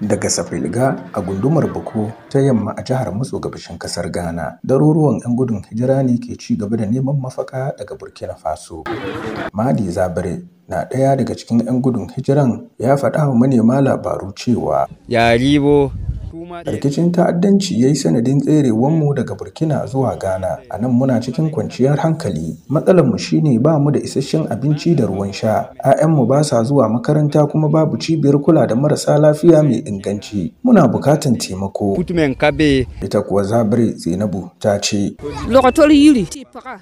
daga safilga a gundumar buku ta yamma a jihar matso gabashin kasar ghana daruruwan 'yan gudun hijira ne ke ci gaba da neman mafaka daga burkina faso madi zabare na ɗaya daga cikin 'yan gudun hijiran ya faɗa wa manema labaru cewa ribo rikicin ta'addanci ya yi sanadin tserewanmu daga burkina zuwa ghana a nan muna cikin kwanciyar hankali Matsalar matsalarmu shine ba mu da isasshen abinci da ruwan sha 'ya'yanmu ba sa zuwa makaranta kuma babu cibiyar kula da marasa lafiya mai inganci muna bukatan taimako ita kuwa zabire zainabu ta ce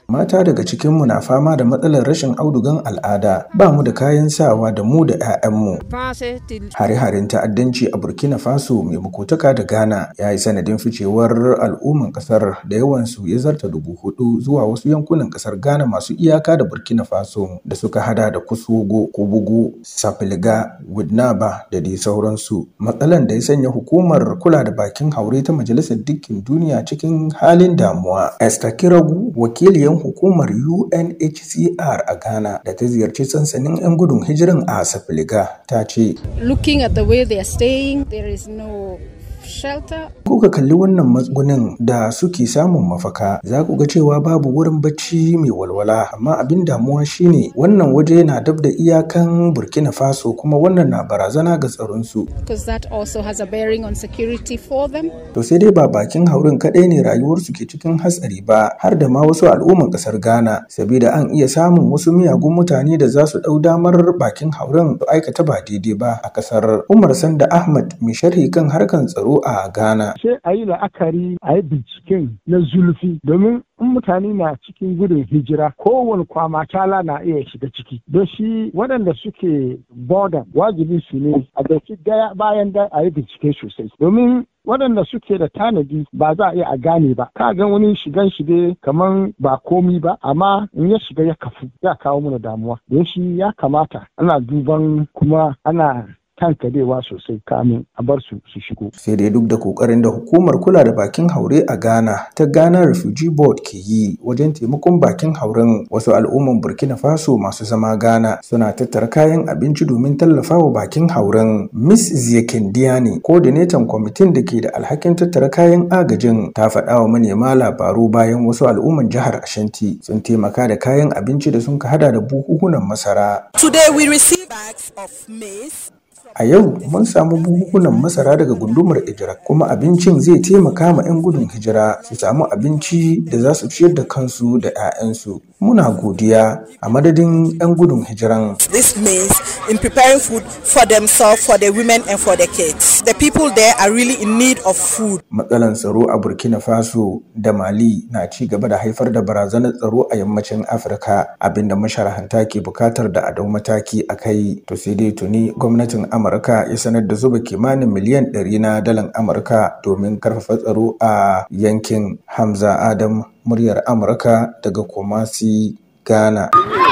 mata daga cikinmu na fama da matsalar rashin audugan al'ada ba mu da kayan sawa da mu da 'ya'yanmu hare-haren ta'addanci a burkina faso mai makotaka da Ghana ya yi sanadin ficewar al'umman kasar da yawansu ya zarta dubu hudu zuwa wasu yankunan kasar Ghana masu iyaka da Burkina Faso da suka hada da Kusogo, Kubugu, Sapilga, Wudnaba da dai sauransu. Matsalan da ya sanya hukumar kula da bakin haure ta Majalisar Dukkin Duniya cikin halin damuwa. Esther Kiragu, wakiliyan hukumar UNHCR a Ghana da ta ziyarci sansanin 'yan gudun hijirin a Sapilga ta ce. Looking at the way they are staying, there is no shelter kuka kalli wannan matsugunin da suke samun mafaka za ku ga cewa babu wurin bacci mai walwala amma abin damuwa shine wannan waje na dab da iyakan burkina faso kuma wannan na barazana ga tsaronsu to sai dai ba bakin haurin kadai ne rayuwarsu ke cikin hatsari ba har da ma wasu al'umman ƙasar ghana sabida an iya samun wasu miyagun mutane da za su ɗau damar bakin haurin da aikata ba daidai ba a ƙasar umar sanda ahmad mai sharhi kan harkan tsaro a ghana sai a yi la'akari a yi binciken na zulfi domin in mutane na cikin gudun hijira kowane kwama tala na iya shiga ciki don shi waɗanda suke border wajibi su ne a dauki daya bayan da a yi bincike sosai domin waɗanda suke da tanadi ba za a iya a gane ba ka gan wani shigan shi dai kaman ba komi ba amma in ya shiga ya kafu ya kawo mana damuwa don shi ya kamata ana duban kuma ana tankadewa sosai kamin a bar su su shigo. Sai dai duk da kokarin da hukumar kula da bakin haure a Ghana ta Ghana Refugee Board ke yi wajen taimakon bakin hauren wasu al'umman Burkina Faso masu zama Ghana suna tattara kayan abinci domin tallafa wa bakin hauren. Miss Ziyakendiani, coordinator kwamitin da ke da alhakin tattara kayan agajin ta faɗa wa manema labaru bayan wasu al'umman jihar Ashanti sun taimaka da kayan abinci da sun ka hada da buhuhunan masara. Today we receive bags of maize, A yau mun samu buhunan masara daga gundumar Ijira kuma abincin zai taimaka ma 'yan gudun hijira su samu abinci da za su ciyar da kansu da 'ya'yansu. Muna godiya a madadin 'yan gudun hijiran. This means in preparing food for themselves, for the women and for the kids. the people there are really in need of food. Matsalan tsaro a Burkina Faso da Mali na ci gaba da haifar da barazanar tsaro a yammacin Afirka abinda masharahanta ke bukatar da adau mataki a kai. To sai dai tuni gwamnatin Amurka ya sanar da zuba kimanin miliyan ɗari na dalan Amurka domin karfafa tsaro a yankin Hamza Adam muryar Amurka daga Kumasi, Ghana.